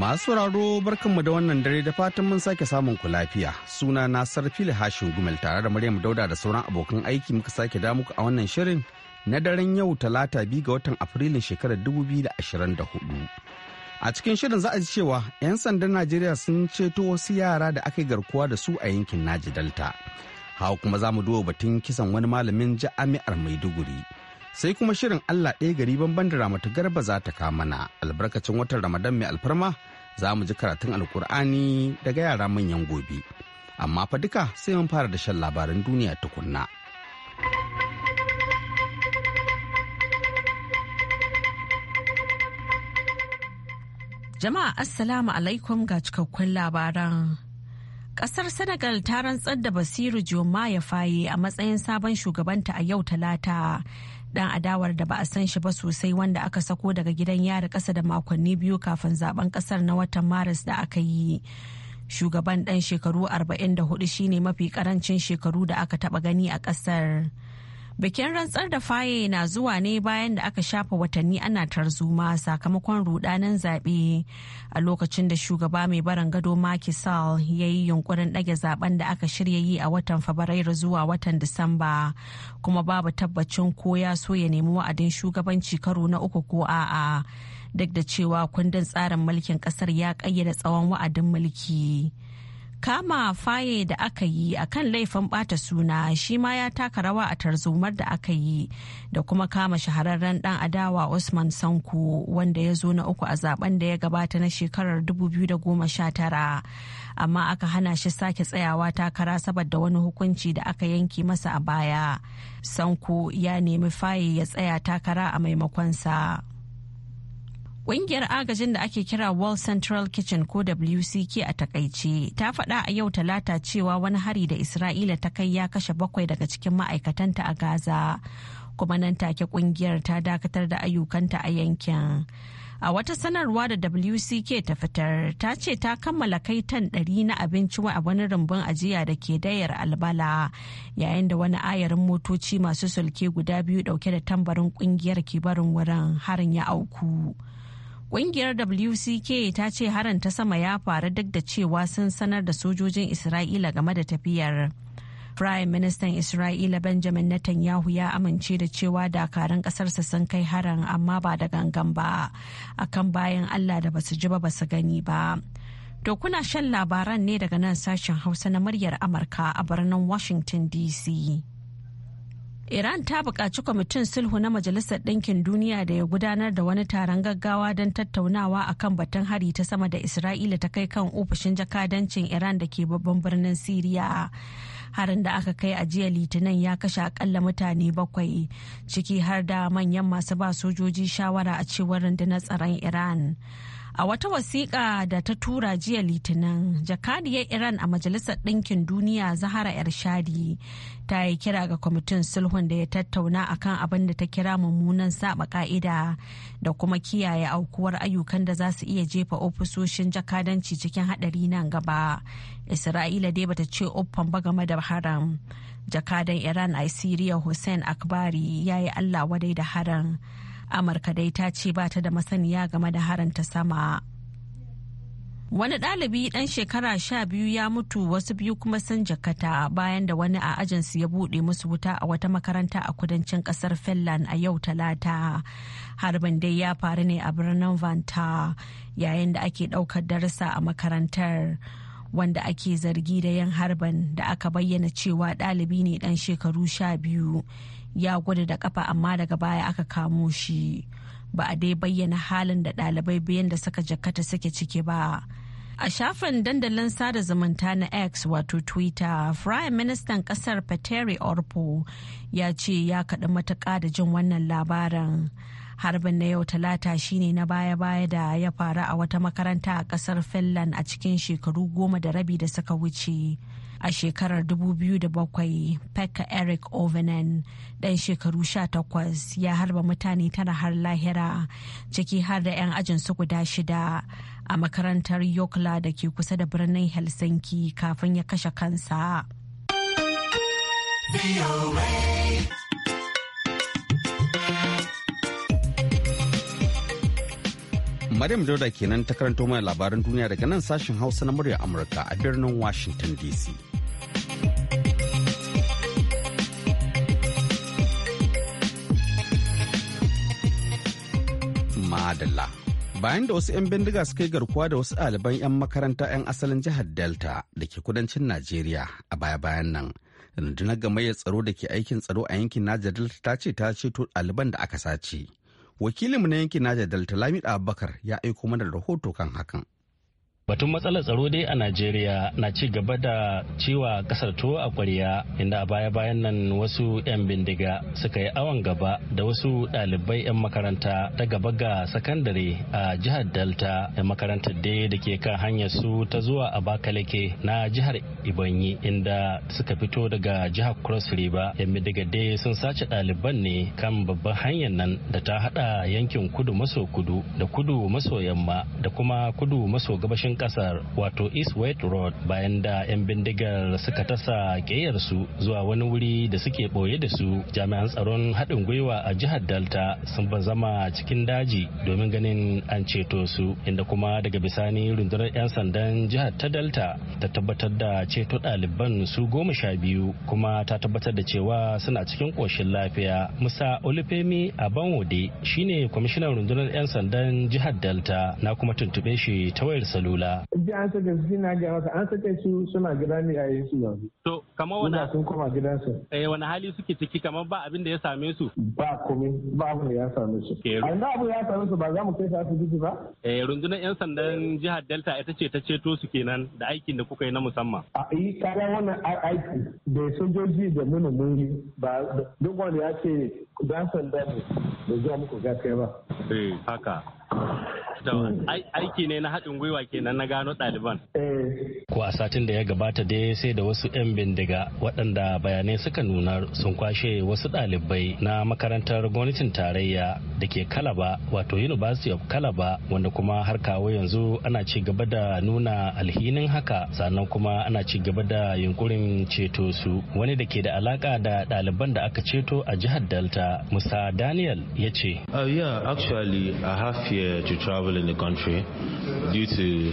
Masu sauraro barkanmu da wannan dare da fatan mun sake samun ku lafiya. Suna na Sarfili Hashin Gumel tare da Maryam Dauda da sauran abokan aiki muka sake da muku a wannan shirin na daren yau talata biyu ga watan Afrilun shekarar da hudu. A cikin shirin za a ji cewa 'yan sandan Najeriya sun ceto wasu yara da aka yi garkuwa da su a yankin Naji Delta. Hawa kuma za mu duba batun kisan wani malamin jami'ar Maiduguri. sai kuma shirin Allah ɗaya gari banban da ramatu garba za ta mana, albarkacin watan ramadan mai alfarma za mu ji karatun alkur'ani daga yara manyan gobe amma fa duka sai mun fara da shan labaran duniya tukunna. Jama'a Assalamu alaikum ga cikakkun labaran. Kasar Senegal ta rantsar da Basiru Joma ya faye a matsayin sabon shugabanta a yau talata dan adawar da ba a san shi ba sosai wanda aka sako daga gidan yari kasa da makonni biyu kafin zaben kasar na watan maris da aka yi shugaban dan shekaru 44 shine mafi karancin shekaru da aka taba gani a kasar. Bikin rantsar da faye na zuwa ne bayan da aka shafa watanni ana tarzoma sakamakon rudanin zaɓe a lokacin da shugaba mai barin gado Macky Sall ya yi yunkurin ɗage zaben da aka shirya yi a watan Fabrairu zuwa watan Disamba kuma babu tabbacin ko ya so ya nemi wa'adin shugabanci karo na uku ko a'a duk da cewa kundin tsarin mulkin ƙasar ya ƙayyade tsawon wa'adin mulki. kama faye da aka yi a kan laifin bata suna shi ma ya taka rawa a tarzomar da aka yi da kuma kama shahararren dan adawa usman sanko wanda ya zo na uku a zaben da ya gabata na shekarar 2019 amma aka hana shi sake tsayawa takara saboda wani hukunci da aka yanke masa a baya sanko ya nemi faye ya tsaya takara a maimakonsa. Ƙungiyar agajin da ake kira World Central Kitchen ko WCK a takaice ta faɗa a yau talata cewa wani hari da Isra'ila ta kai ya kashe bakwai daga cikin ma'aikatanta a Gaza. Kuma nan take ƙungiyar ta dakatar da ayyukanta a yankin. A wata sanarwa da WCK ta fitar ta ce ta kammala kai tan ɗari na abinci a wani rumbun ajiya da ke dayar albala yayin da wani ayarin motoci masu sulke guda biyu ɗauke da tambarin ƙungiyar ke barin wurin harin ya auku. Ƙungiyar WCK ta ce harin ta sama ya faru duk da cewa sun sanar da sojojin Isra'ila game da tafiyar. Prime Ministan Isra'ila Benjamin Netanyahu ya amince da cewa dakarun ƙasarsa sun kai harin amma ba da gangan ba, akan bayan Allah da basu ji ba basu gani ba. To kuna shan labaran ne daga nan sashen Hausa na muryar Amurka a birnin Washington DC. Iran ta buƙaci kwamitin sulhu na Majalisar Ɗinkin Duniya da ya gudanar da wani taron gaggawa don tattaunawa a kan batun hari ta sama da Isra'ila ta kai kan ofishin jakadancin Iran da ke babban birnin Siriya. Harin da aka kai a jiya Litinin ya kashe akalla mutane bakwai, ciki har da manyan masu ba sojoji shawara a cewar rundunar tsaron Iran. A wata wasiƙa da ta tura jiya Litinin, jakadiyar Iran a Majalisar Ɗinkin Duniya Zahara Ershadi ta yi kira ga kwamitin sulhun da ya tattauna akan abin da ta kira mummunan saba ka'ida da kuma kiyaye aukuwar ayyukan da za su iya jefa ofisoshin jakadanci cikin haɗari nan gaba. Isra'ila dai bata ce uffan ba game da haram. Jakadan Iran a Siriya Hussein Akbari ya yi Allah wadai da haram. amurka dai ta ce ba ta da masaniya game da haranta sama wani ɗalibi ɗan shekara sha biyu ya mutu wasu biyu kuma sun jakata bayan da wani a ajinsu ya buɗe musu wuta a wata makaranta a kudancin ƙasar finland a yau talata harbin dai ya faru ne a birnin vanta yayin da ake ɗaukar darasa a makarantar wanda ake zargi da yan harbin da aka bayyana cewa ɗalibi ne ɗan shekaru sha biyu ya gudu da kafa amma daga baya aka kamo shi ba a dai bayyana halin da ɗalibai biyan da suka jakata suke ciki ba a shafin dandalin sada zumunta na x wato twitter prime ministan kasar pateri orpo ya ce ya kaɗi matuƙa da jin wannan labarin harbin na yau talata shine na baya-baya da ya faru a wata makaranta a kasar finland a cikin shekaru goma da rabi da suka wuce a shekarar 2007 pekka eric ovenen ɗan shekaru 18 ya harba mutane tara har lahira ciki har da 'yan ajin su guda shida a makarantar yokla da ke kusa da birnin helsinki kafin ya kashe kansa Maryam Dauda kenan ta karanto mana labaran duniya daga nan sashen Hausa na murya Amurka a birnin Washington DC. Bayan da wasu 'yan bindiga suka yi garkuwa da wasu ɗaliban 'yan makaranta 'yan asalin jihar Delta da ke kudancin Najeriya a baya-bayan nan. Rundunar gamayyar tsaro da ke aikin tsaro a yankin Naja Delta ta ce ta ceto ɗaliban da aka sace. Wakilinmu na yankin Naja Delta Lamid Abubakar ya aiko mana rahoto kan hakan. Batun matsalar tsaro dai a Najeriya na ci gaba da ciwa kasar tuwo a kwariya inda a baya-bayan nan wasu 'yan bindiga suka yi awon gaba da wasu ɗalibai 'yan makaranta ta gaba ga sakandare a jihar Delta 'yan makarantar dai da ke kan hanyar su ta zuwa bakalake na jihar Ibanyi inda suka fito daga jihar Cross River 'yan bindiga dai sun sace ɗaliban ne kan babban hanyar nan da ta haɗa yankin kudu maso kudu da kudu maso yamma da kuma kudu maso gabashin kasar wato east west road bayan da 'yan bindigar suka tasa su zuwa wani wuri da suke ɓoye da su jami'an tsaron haɗin gwiwa a jihar delta sun zama cikin daji domin ganin an ceto su inda kuma daga bisani rundunar 'yan sandan jihar ta delta ta tabbatar da ceto ɗaliban su goma sha biyu kuma ta tabbatar da cewa suna cikin ƙoshin lafiya musa olufemi abanwode shine kwamishinan rundunar 'yan sandan jihar delta na kuma tuntuɓe shi ta wayar salula hula. Ji an saka su suna gaya masa an saka su suna gida ne a su yanzu. To kamar wani sun koma gidansu. Eh wani hali suke ciki kamar ba abin da ya same su. Ba komai ba abin da ya same su. A yanzu abin ya same su ba za mu kai su asibiti ba. Eh rundunar 'yan sandan jihar Delta ita ce ta ceto su kenan da aikin da kuka yi na musamman. A yi kaga wannan aiki da sojoji da nuna muni ba duk wanda ya ce dan sanda ne da zuwa muku gaskiya ba. Eh haka. aiki ne na haɗin gwiwa kenan na gano ɗaliban. Eh, ko a satin da ya gabata dai sai da wasu 'yan bindiga waɗanda bayanai suka nuna sun kwashe wasu ɗalibai na makarantar gwamnatin tarayya da ke kalaba wato university of kalaba wanda kuma har kawo yanzu ana ci gaba da nuna alhinin haka sannan kuma ana ci gaba da yunkurin ceto su wani da ke da alaka da ɗaliban da aka ceto a jihar delta musa daniel ya ce uh, yeah, actually i have fear to travel in the country due to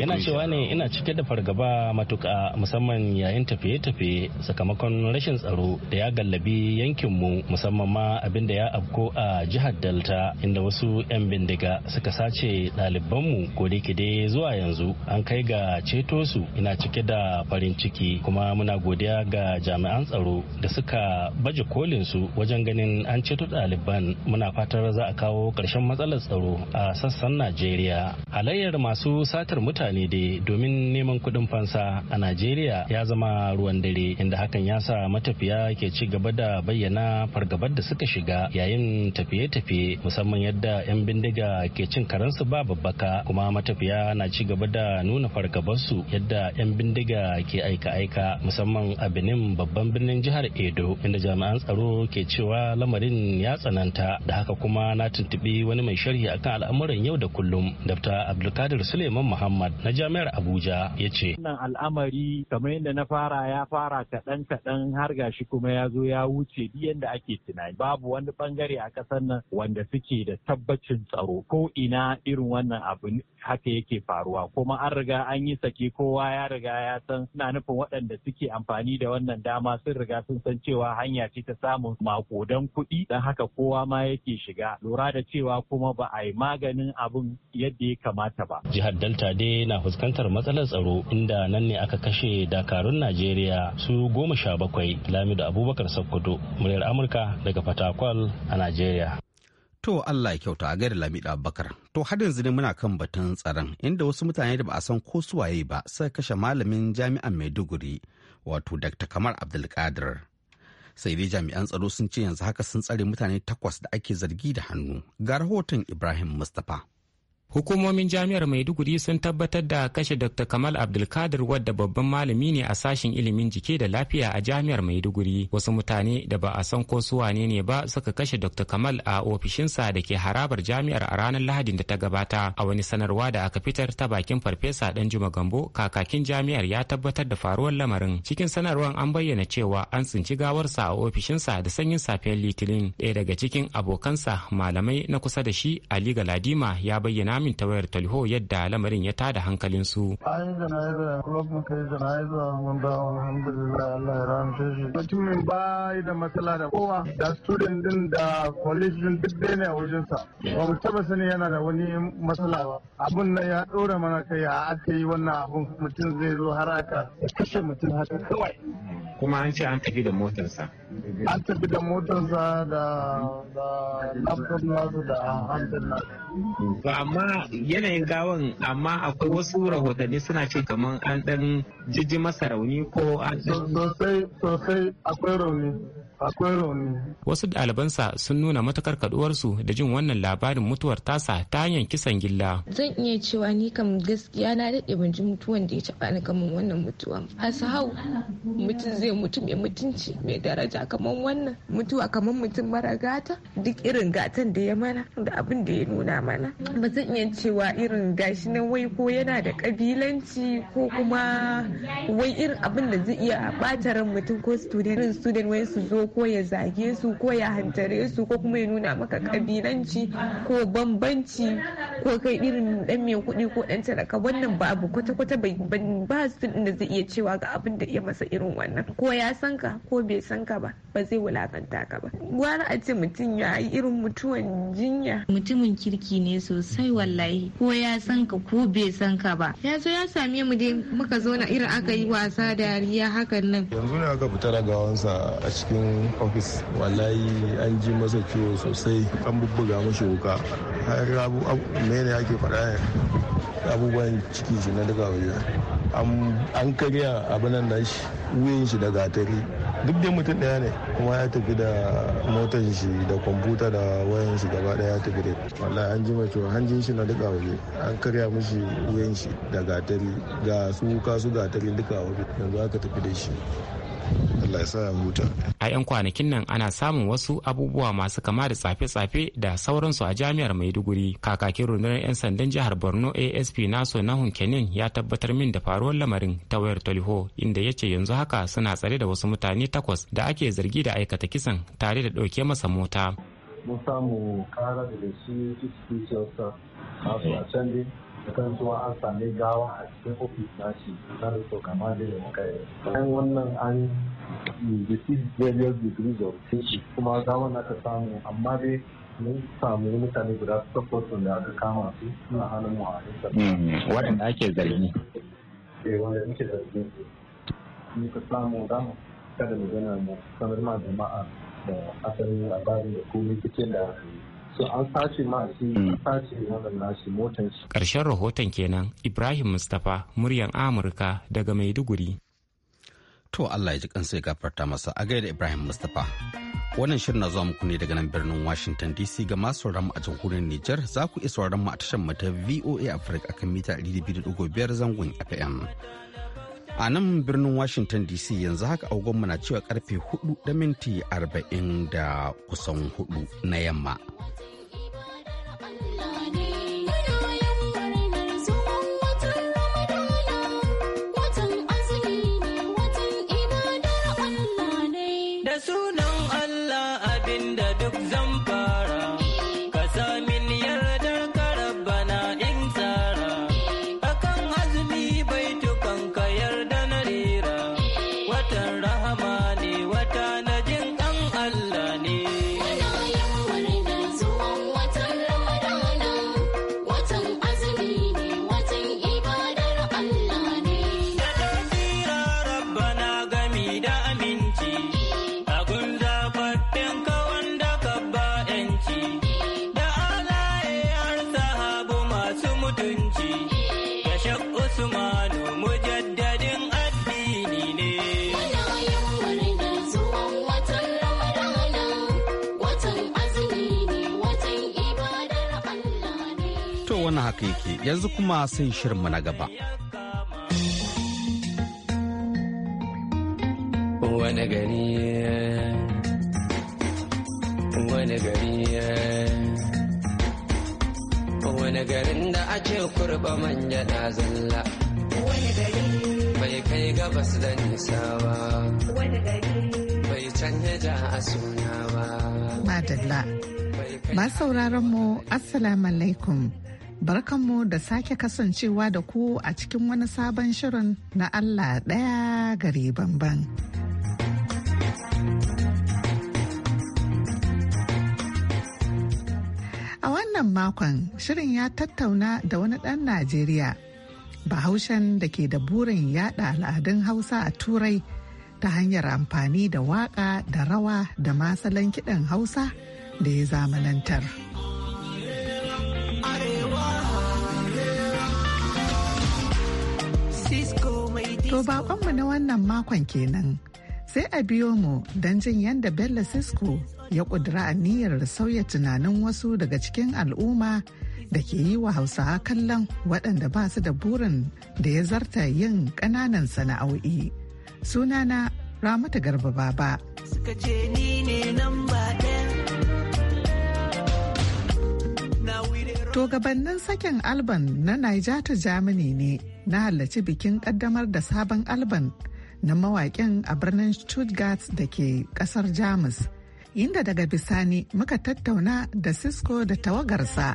yana cewa ne ina cike da fargaba matuka musamman yayin tafiye-tafiye sakamakon rashin tsaro da ya gallabi yankinmu musamman ma abin da ya afko a jihar delta inda wasu 'yan bindiga suka sace ɗalibanmu ko dai zuwa yanzu an kai ga ceto su ina cike da farin ciki kuma muna godiya ga jami'an tsaro da suka baje kolin su wajen ganin an ceto ɗaliban muna fatar za a kawo ƙarshen matsalar tsaro a sassan najeriya halayyar masu sata bukatar mutane dai domin neman kuɗin fansa a Najeriya ya zama ruwan dare inda hakan ya sa matafiya ke ci gaba da bayyana fargabar da suka shiga yayin tafiye-tafiye musamman yadda 'yan bindiga ke cin karansu ba babbaka kuma matafiya na ci gaba da nuna fargabarsu yadda 'yan bindiga ke aika-aika musamman a Benin babban birnin jihar Edo inda jami'an tsaro ke cewa lamarin ya tsananta da haka kuma na tuntubi wani mai sharhi akan al'amuran yau da kullum Dr. Abdulkadir Suleiman Muhammad na Jami'ar Abuja ya ce. Wannan al'amari kamar yadda na fara ya fara kaɗan kaɗan har gashi kuma ya zo ya wuce duk yadda ake tunani. Babu wani bangare a ƙasar nan wanda suke da tabbacin tsaro ko ina irin wannan abu haka yake faruwa kuma an riga an yi saki kowa ya riga ya san suna nufin waɗanda suke amfani da wannan dama sun riga sun san cewa hanya ce ta samun makodan kuɗi don haka kowa ma yake shiga lura da cewa kuma ba a yi maganin abun yadda ya kamata ba. Jihar Delta dai na fuskantar matsalar tsaro inda nan ne aka kashe dakarun Najeriya su goma sha bakwai Lamido Abubakar Sokoto muryar Amurka daga Fatakwal a Najeriya. To Allah ya kyauta a gaida Lamida Abubakar. To hadin yanzu ne muna kan batun tsaron inda wasu mutane da ba a san ko su waye ba sai kashe malamin jami'an Maiduguri wato Dr. Kamar Abdulkadir. Sai dai jami'an tsaro sun ce yanzu haka sun tsare mutane takwas da ake zargi da hannu. Ga rahoton Ibrahim Mustapha. Hukumomin jami'ar Maiduguri sun tabbatar da kashe Dr. Kamal Abdulkadir wadda babban malami ne a sashen ilimin jiki da lafiya a jami'ar Maiduguri. Wasu mutane da ba a san ko su wane ne ba suka kashe Dr. Kamal a ofishinsa da ke harabar jami'ar a ranar Lahadin da ta gabata. A wani sanarwa da aka fitar ta bakin Farfesa Danjuma Gambo, kakakin jami'ar ya tabbatar da faruwar lamarin. Cikin sanarwar an bayyana cewa an tsinci gawarsa a ofishinsa da sanyin safiyar Litinin. Ɗaya daga cikin abokansa malamai na kusa da shi Ali Galadima ya bayyana min ta wayar talho yadda lamarin ya tada hankalin su da alhamdulillah Allah ya shi da matsala da kowa da student din da college din duk dai ne a wajen ba mu taba sani yana da wani matsala ba abun nan ya ɗora mana kai a aka wannan abun mutum zai zo har kashe mutum haka kawai kuma an ce an tafi da motarsa an tafi da motarsa da laptop nasu da hantar nasu amma yanayin gawan amma akwai wasu rahotanni suna ce kamar an dan jiji masa rauni ko an sosai sosai akwai rauni Wasu ɗalibansa sun nuna matakar kaduwarsu da jin wannan labarin mutuwar tasa ta hanyar kisan gilla. Zan iya cewa ni kam gaskiya na daɗe ban ji mutuwan da ya taɓa ni kamar wannan mutuwa. Hasahau mutum zai mutu mai mutunci mai daraja kamar wannan mutuwa kamar mutum mara gata duk irin gatan da ya mana da abin da ya nuna mana. Ba zan iya cewa irin gashi na wai ko yana da kabilanci ko kuma wai irin abin da zai iya ɓata ran mutum ko student student wai su zo ko ya zage su ko ya hantare su ko kuma ya nuna maka kabilanci ko bambanci ko kai irin dan mai kuɗi ko dan talaka wannan ba abu kwata-kwata ba su da zai iya cewa ga abin da iya masa irin wannan ko ya san ka ko bai san ka ba ba zai wulakanta ka ba gwara a ce mutum ya yi irin mutuwan jinya mutumin kirki ne sosai wallahi ko ya san ka ko bai san ka ba ya zo ya same mu dai muka zo na irin aka yi wasa dariya hakan nan yanzu ne aka fita ragawansa a cikin ofis wallahi an ji masa ciwo sosai an bubbuga mashi wuka har mene ake faɗa abubuwan ciki shi na daga waje an karya abinan da shi wuyan shi da gatari duk dai mutum daya ne kuma ya tafi da motar shi da kwamfuta da wayan shi gaba daya ya tafi da wallahi an ji mace hanjin shi na duka waje an karya mishi wuyan shi da gatari ga su kasu gatari duka waje yanzu aka tafi da shi Allah ya sa huta a yan kwanakin nan ana samun wasu abubuwa masu kama da tsafe-tsafe da sauransu a jami'ar Maiduguri kakakin rundunar yan sandan jihar Borno ASP Naso Nahun Kenin ya tabbatar min da faruwar lamarin ta wayar Toliho inda ya ce yanzu haka suna tsare da wasu mutane takwas da ake zargi da aikata kisan tare da ɗauke masa mota mun samu kara da kan zuwa an sami gawa a cikin ofis na shi na rufe kama da ya kai bayan wannan an receive various degrees of teaching kuma na ka samu amma dai mun samu mutane guda takwas da aka kama su suna hannun mu a mm-hmm. waɗanda ake zargi eh wanda muke zargi ka samu damu kada mu gana mu sanar ma jama'a da asalin labarin da komai kicin da so an sace ma mm. sace wannan nasu motar karshen rahoton kenan Ibrahim Mustapha muryan Amurka daga Maiduguri to Allah ya ji kansa ya gafarta masa a gaida Ibrahim Mustapha wannan shirin na zuwa muku ne daga nan birnin Washington DC ga masu mu a jamhuriyar Nijar za ku iya sauraron mu a tashar mu ta VOA Africa akan mita 200.5 zangon FM A nan birnin Washington DC yanzu haka mu na cewa karfe 4 da minti 40 da kusan 4 na yamma. gaske yanzu kuma sun shirinmu na gaba. Wani gari wani gari wani garin da ake kurba manya da zalla wani gari bai kai gabas da nisa ba wani gari bai canja a suna ba madalla masu sauraron mu assalamu alaikum Barkanmu da sake kasancewa da ku a cikin wani sabon shirin na Allah ɗaya gari banban. A wannan makon shirin ya tattauna da wani ɗan Najeriya, bahaushen da ke da burin yaɗa al'adun Hausa a Turai ta hanyar amfani da waƙa da rawa da masalan kiɗan Hausa da ya zamanantar. To baƙonmu na wannan makon kenan. Sai a biyo mu don jin yadda Bello Sisko ya ƙudura aniyar sauya tunanin wasu daga cikin al'umma da ke yi wa hausawa kallon waɗanda ba su da burin da ya zarta yin ƙananan sana'o'i. Sunana Ramatu Garba Baba. Suka ce ni ne nan ba To gabannin sakin alban na Niger ta Germany ne na halarci bikin kaddamar da sabon alban na mawaƙin a birnin Stuttgart da ke kasar Jamus. Inda daga bisani muka tattauna da Cisco da tawagarsa.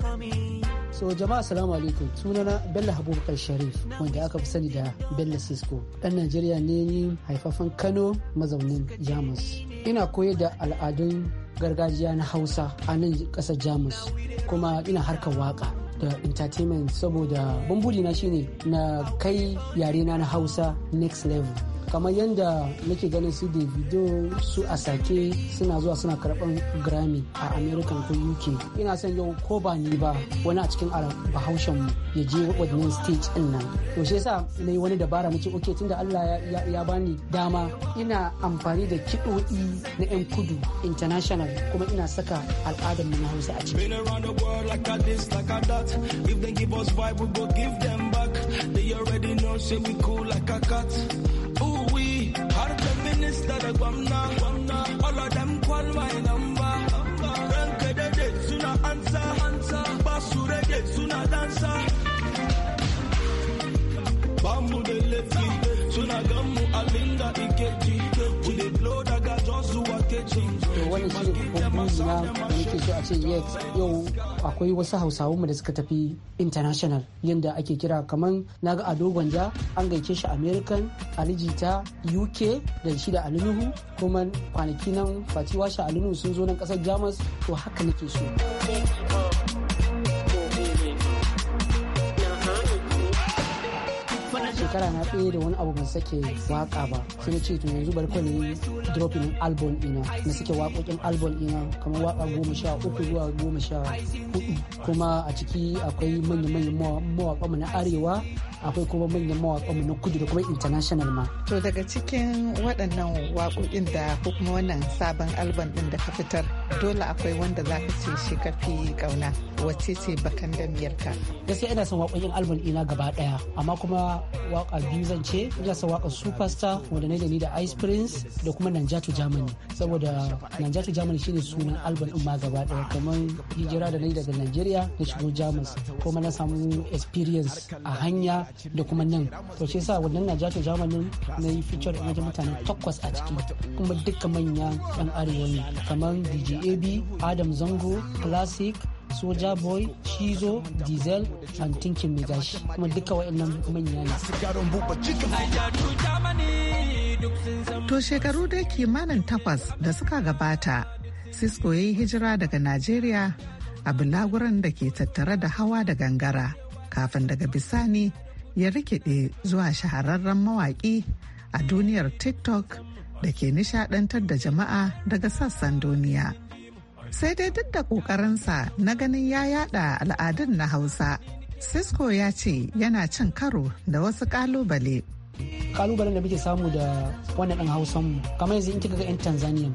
so jama'a salamu alaikum sunana bello habubakar sharif wanda aka fi sani da bello cisco dan najeriya ne ni haifafen kano mazaunin jamus ina koyar da al'adun gargajiya na hausa a nan ƙasar jamus kuma ina harkar waka da entertainment saboda bambudi na shine na kai yare na hausa next level kamar yadda nake ganin su davido su a sake suna zuwa suna karban grammy a american ko uk ina son yau ko ba ni ba wani a cikin bahaushen mu ya je wadannan stage din nan to shi yasa na yi wani dabara na ce ok tunda allah ya bani dama ina amfani da kiɗoɗi na 'yan kudu international kuma ina saka al'adar mu na hausa a ciki like a cat. aiki har da minista da gwamna gwamna all of them call my number ranka dade suna ansa ansa ba su rage suna dansa ba mu da laifi suna gan mu abin da ike ji we dey blow daga jos zuwa keci to wani shi ne kuma so a ce yes yau akwai wasu hausawanmu da suka tafi international yadda ake kira kamar na ga ado gwanja an gaike shi american alijita uk da shi da alinuhu kuma kwanaki nan faci washe alinuhu sun zo nan kasar jamus to haka nake so. shekara na tsaye da wani abu ban sake waka ba sai na ce to yanzu bari kawai dropping album ina na sake waƙoƙin album ina kamar waka goma sha uku zuwa goma sha hudu kuma a ciki akwai manya-manyan mawaƙa na arewa akwai kuma manyan mu na kudu da kuma international ma. To daga cikin waɗannan waƙoƙin da ko kuma wannan sabon alban ɗin da ka fitar dole akwai wanda za ka ce shi ka fi ƙauna wacce ce bakan damiyarka. Gaskiya ina son waƙoƙin alban ina gaba ɗaya amma kuma waƙa biyu zan ce ina son waƙar superstar wanda na da ni da ice prince da kuma nanjato germany saboda nanjato germany shine sunan alban ɗin ma gaba ɗaya kamar hijira da na daga nigeria na shigo jamus kuma na samu experience a hanya da kuma nan to shi yasa wannan jato zamanin na yi feature na mutane takwas a ciki kuma duka manyan yan arewa ne kamar dj ab adam zango classic soja boy shizo diesel and tinkin megashi kuma duka wa'annan manya ne to shekaru dai kimanin takwas da suka gabata cisco ya yi hijira daga najeriya a bulaguran da ke tattare da hawa da gangara kafin daga bisani ya rikide zuwa shahararren mawaƙi a duniyar tiktok da ke nishadantar da jama'a daga sassan duniya sai dai duk da ƙoƙarinsa na ganin ya yada al'adun na hausa cisco ya ce yana cin karo da wasu ƙalubale kalubalen da muke samu da wannan dan hausan mu kamar yanzu in kika ga yan tanzania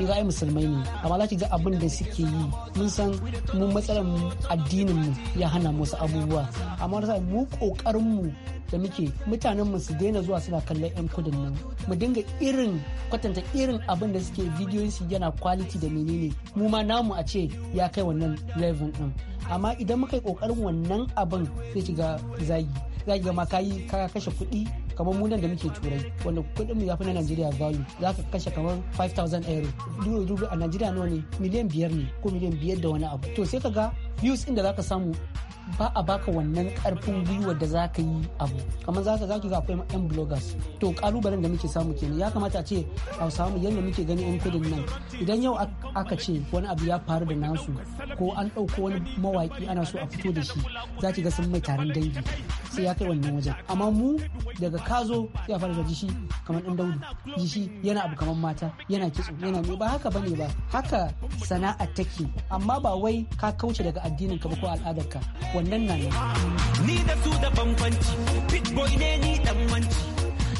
in ga ai musulmai ne amma za ki ga abin da suke yi mun san mun matsalar addinin mu ya hana mu abubuwa amma da mu kokarin mu da muke mutanen mu su daina zuwa suna kallon yan kudin nan mu dinga irin kwatanta irin abin da suke bidiyon su yana quality da menene mu ma namu a ce ya kai wannan level din amma idan muka yi kokarin wannan abin sai ki ga zagi za ga ma kayi ka kashe kuɗi kamar mu nan da muke turai wanda kuɗin mu ya fi na Najeriya value za ka kashe kamar 5000 euro duro duro a Najeriya nawa ne miliyan biyar ne ko miliyan biyar da wani abu to sai ka ga views da za ka samu ba a baka wannan karfin gwiwa da za ka yi abu kamar za ka za ki ga akwai yan bloggers to kalubalen da muke samu kenan ya kamata a ce a samu yadda muke gani yan kudin nan idan yau aka ce wani abu ya faru da nasu ko an ɗauko wani mawaki ana so a fito da shi za ki ga sun mai taron dangi sai ya kai wannan wajen amma mu daga kazo ya fara da jishi kamar dan daudu jishi yana abu kamar mata yana kitso yana ne ba haka bane ba haka sana'a take amma ba wai ka kauce daga addinin ka ba ko al'adar ka wannan na ni da su da bambanci boy ne ni dan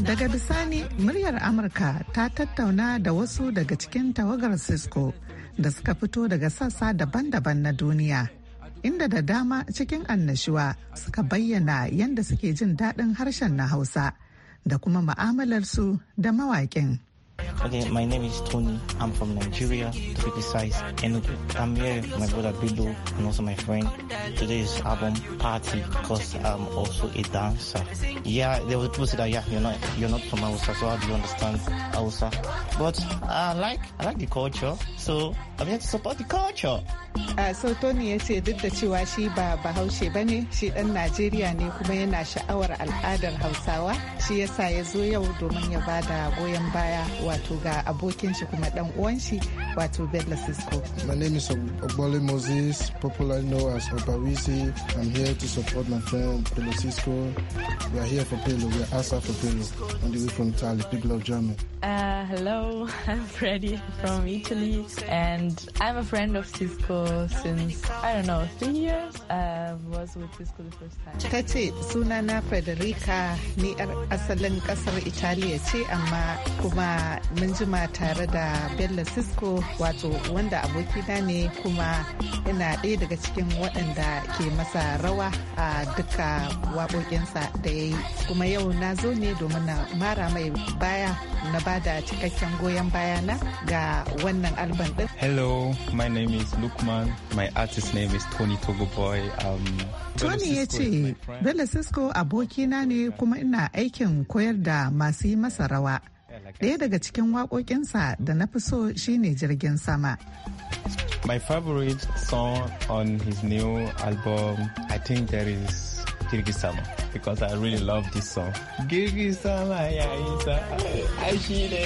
daga bisani muryar amurka ta tattauna da wasu daga cikin tawagar cisco da suka fito daga sassa daban-daban na duniya inda da dama cikin annashuwa suka bayyana yadda suke jin daɗin harshen na Hausa da kuma ma'amalarsu da mawaƙin. Okay, my name is Tony. I'm from Nigeria, to be precise, Enugu. I'm here with my brother Bilo and also my friend. Today's album party because I'm also a dancer. Yeah, there were people say that yeah, you're not you're not from Hausa, so how do you understand Hausa? But I like I like the culture, so I'm here to support the culture. Uh, so Tony ya ce duk da cewa shi ba bahaushe ba ne shi dan Najeriya ne kuma yana sha'awar al'adar Hausawa shi yasa ya zo yau domin ya bada goyon baya wa wato ga abokin shi kuma dan uwan shi wato Cisco. My name is Ogbole Moses, popularly known as Obawisi. I'm here to support my friend Bello Cisco. We are here for Pelo. We are asking for Pelo on the way from Italy. people of Germany. Uh, hello, I'm Freddy from Italy, and I'm a friend of Cisco since I don't know three years. I was with Cisco the first time. Ta sunana Frederica ni 'yar asalin kasar Italiya ce amma kuma mun jima tare da Bello Cisco wato wanda abokina ne kuma ina ɗaya daga cikin waɗanda ke masa rawa a duka waƙoƙinsa da ya yi. Kuma yau na zo ne domin na mara mai baya na ba da cikakken goyon bayana ga wannan alban ɗin. Hello, my name is Lukman. My artist name is Tony Togo Boy. Um, Tony ya ce, Bello Cisco abokina ne kuma ina aikin koyar da masu yi masa rawa. Ɗaya daga cikin waƙoƙinsa da na fi so shine jirgin sama. My favorite song on his new album, I think there is Kirgisama because I really love this song. Kirgisama ya isa, ai shi ne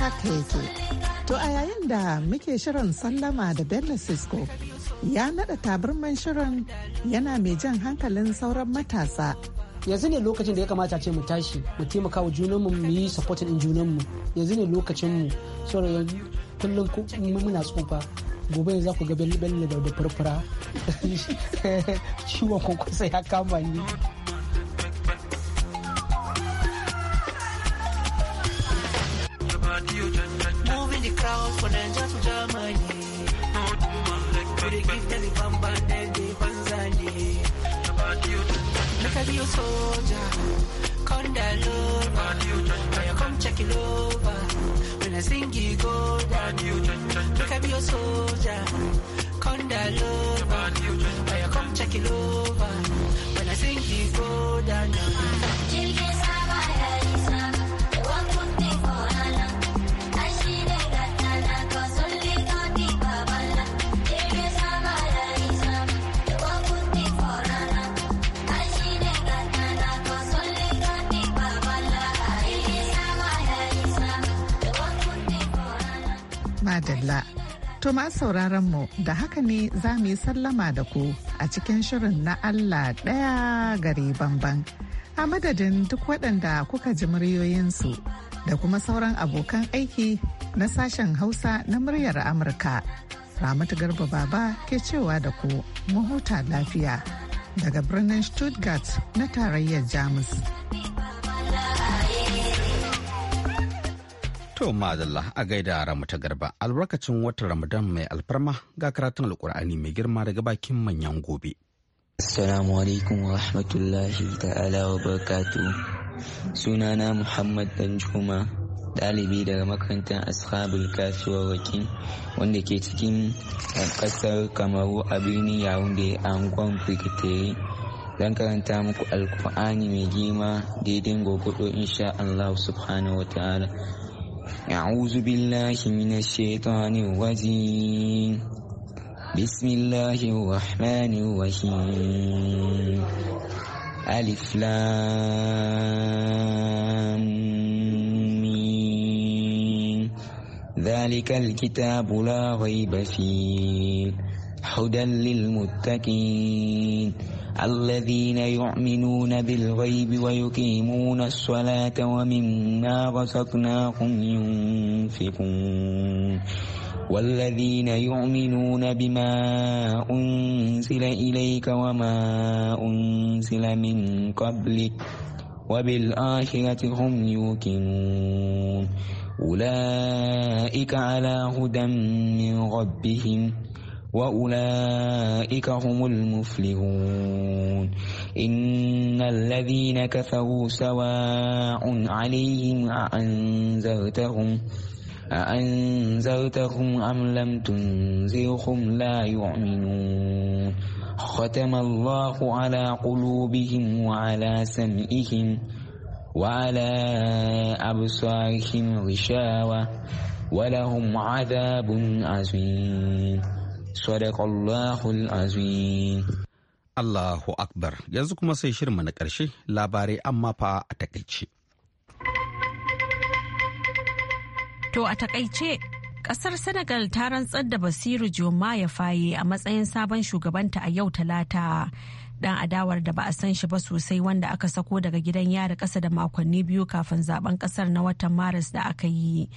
Haka To a yayin da muke shirin sallama da Bello Cisco ya naɗa tabarman shirin yana mai jan hankalin sauran matasa yanzu ne lokacin da ya kamata ce mu tashi mu taimaka wa junanmu mu yi supporting din junanmu yanzu ne lokacin mu saboda yanzu kullum muna tsufa gobe zaku ku ga bello da furfura ciwon kwankwasa ya kama ni Moving the crowd for them you soldier, come down low. Come check it over. When I sing you go down, look at soldier, come down Come check it over. When I sing you go down. madalla. To ma sauraron mu da haka ne za mu yi sallama da ku a cikin shirin na Allah ɗaya gari bamban. A madadin duk waɗanda kuka ji muryoyinsu da kuma sauran abokan aiki na sashen Hausa na muryar Amurka. Ramatu Garba Baba ke cewa da ku mu lafiya daga birnin Stuttgart na tarayyar Jamus. To madalla a gaida ramu ta garba albarkacin watan Ramadan mai alfarma ga karatun alkur'ani mai girma daga bakin manyan gobe. Assalamu alaikum wa rahmatullahi ta'ala wa barakatu. Sunana Muhammad Danjuma ɗalibi daga makarantar Ashabul Kasuwar Wakin wanda ke cikin eh, ƙasar Kamaru a birnin Yaounde a angon Brigiteri. don karanta muku alkur'ani mai gima daidai gwagwado insha Allah subhanahu wa ta'ala. أعوذ بالله من الشيطان الرجيم بسم الله الرحمن الرحيم ألف لام مين ذلك الكتاب لا ريب فيه هدى للمتقين الذين يؤمنون بالغيب ويقيمون الصلاة ومما رزقناهم ينفقون والذين يؤمنون بما أنزل إليك وما أنزل من قبلك وبالآخرة هم يوقنون أولئك على هدى من ربهم وأولئك هم المفلحون إن الذين كفروا سواء عليهم أأنذرتهم أأنذرتهم أم لم تنذرهم لا يؤمنون ختم الله على قلوبهم وعلى سمعهم وعلى أبصارهم غشاوة ولهم عذاب عظيم Sadaqallahul azim. Allahu Akbar yanzu kuma sai shirma na ƙarshe labarai amma fa a takaice. To a takaice ƙasar Senegal ta rantsar da Basiru ya faye a matsayin sabon shugabanta a yau talata. Dan adawar da ba a san shi ba sosai wanda aka sako daga gidan yari ƙasa da makonni biyu kafin zaben ƙasar na watan Maris da aka yi.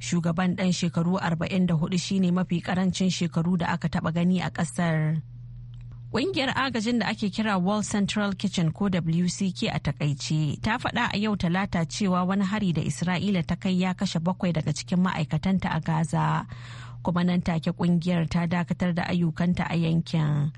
shugaban ɗan shekaru 44 shine mafi karancin shekaru da aka taɓa gani a ƙasar. Ƙungiyar agajin da ake kira World Central Kitchen ko WCK a takaice ta faɗa a yau talata cewa wani hari da Isra'ila ta kai ya kashe bakwai daga cikin ma'aikatanta a Gaza, kuma nan take ƙungiyar ta dakatar da ayyukanta a yankin.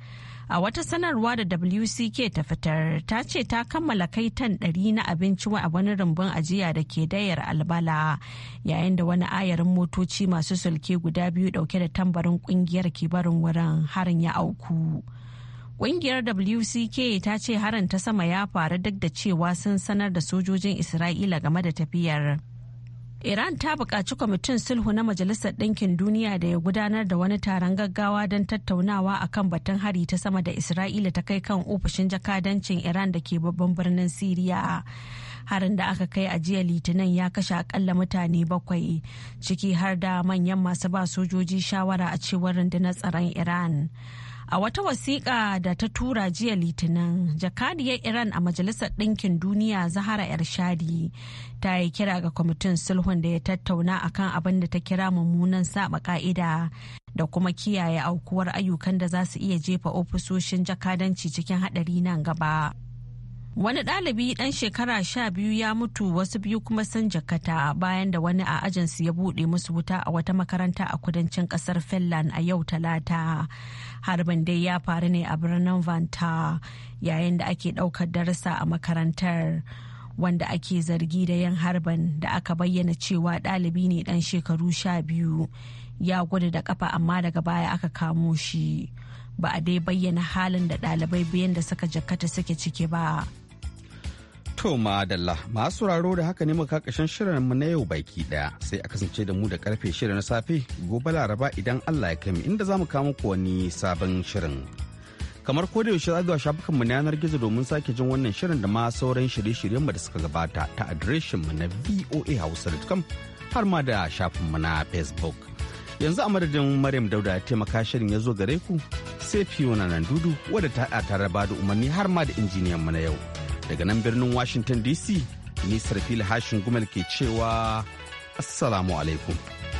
a wata sanarwa da wck ta fitar ta ce ta kammala kai tan ɗari na abinci a wani rumbun ajiya da ke dayar albala yayin da wani ayarin motoci masu sulke guda biyu ɗauke da tambarin ƙungiyar ke barin wurin harin ya auku Ƙungiyar WCK ta ce harin ta sama ya faru duk da cewa sun sanar da sojojin Isra'ila game da tafiyar. Iran ta buƙaci kwamitin sulhu na Majalisar Ɗinkin Duniya da ya gudanar da wani taron gaggawa don tattaunawa a kan batun hari ta sama da Isra'ila ta kai kan ofishin jakadancin Iran da ke babban birnin Siriya. Harin da aka kai a jiya Litinin ya kashe akalla mutane bakwai, ciki har da manyan masu ba sojoji shawara a cewar rundunar tsaron Iran. A wata wasiƙa da ta tura jiya Litinin, jakadiyar Iran a Majalisar Ɗinkin Duniya Zahara Ershadi ta yi kira ga kwamitin sulhun da ya tattauna akan abin da ta kira mummunan saba ka'ida da kuma kiyaye aukuwar ayyukan da za su iya jefa ofisoshin jakadanci cikin haɗari nan gaba. Wani ɗalibi ɗan shekara sha biyu ya mutu wasu biyu kuma sun jakata bayan da wani a ajinsu ya buɗe musu wuta a wata makaranta a kudancin ƙasar Finland a yau talata. Harbin dai ya faru ne a birnin Vanta yayin da ake ɗaukar darasa a makarantar. Wanda ake zargi da yin harbin da aka bayyana cewa ɗalibi ne ɗan shekaru sha biyu ya gudu da kafa amma daga baya aka kamo shi. Ba a dai bayyana halin da ɗalibai biyan da suka jakata suke ciki ba. To madalla masu raro da haka ne muka kashin shirin mu na yau baki daya sai a kasance da mu da karfe shirin na safe gobe laraba idan Allah ya kai inda zamu kawo muku wani sabon shirin. Kamar ko da yaushe zuwa shafukan mu na yanar gizo domin sake jin wannan shirin da ma sauran shirye-shiryen mu da suka gabata ta adireshin mu na voahausa.com har ma da shafin mu na Facebook. Yanzu a madadin Maryam Dauda ya taimaka shirin ya zo gare ku sai Fiona Nandudu wadda ta tare da umarni har ma da injiniyan mu na yau. daga nan birnin washington dc ni sarfil hashin gumel ke cewa assalamu alaikum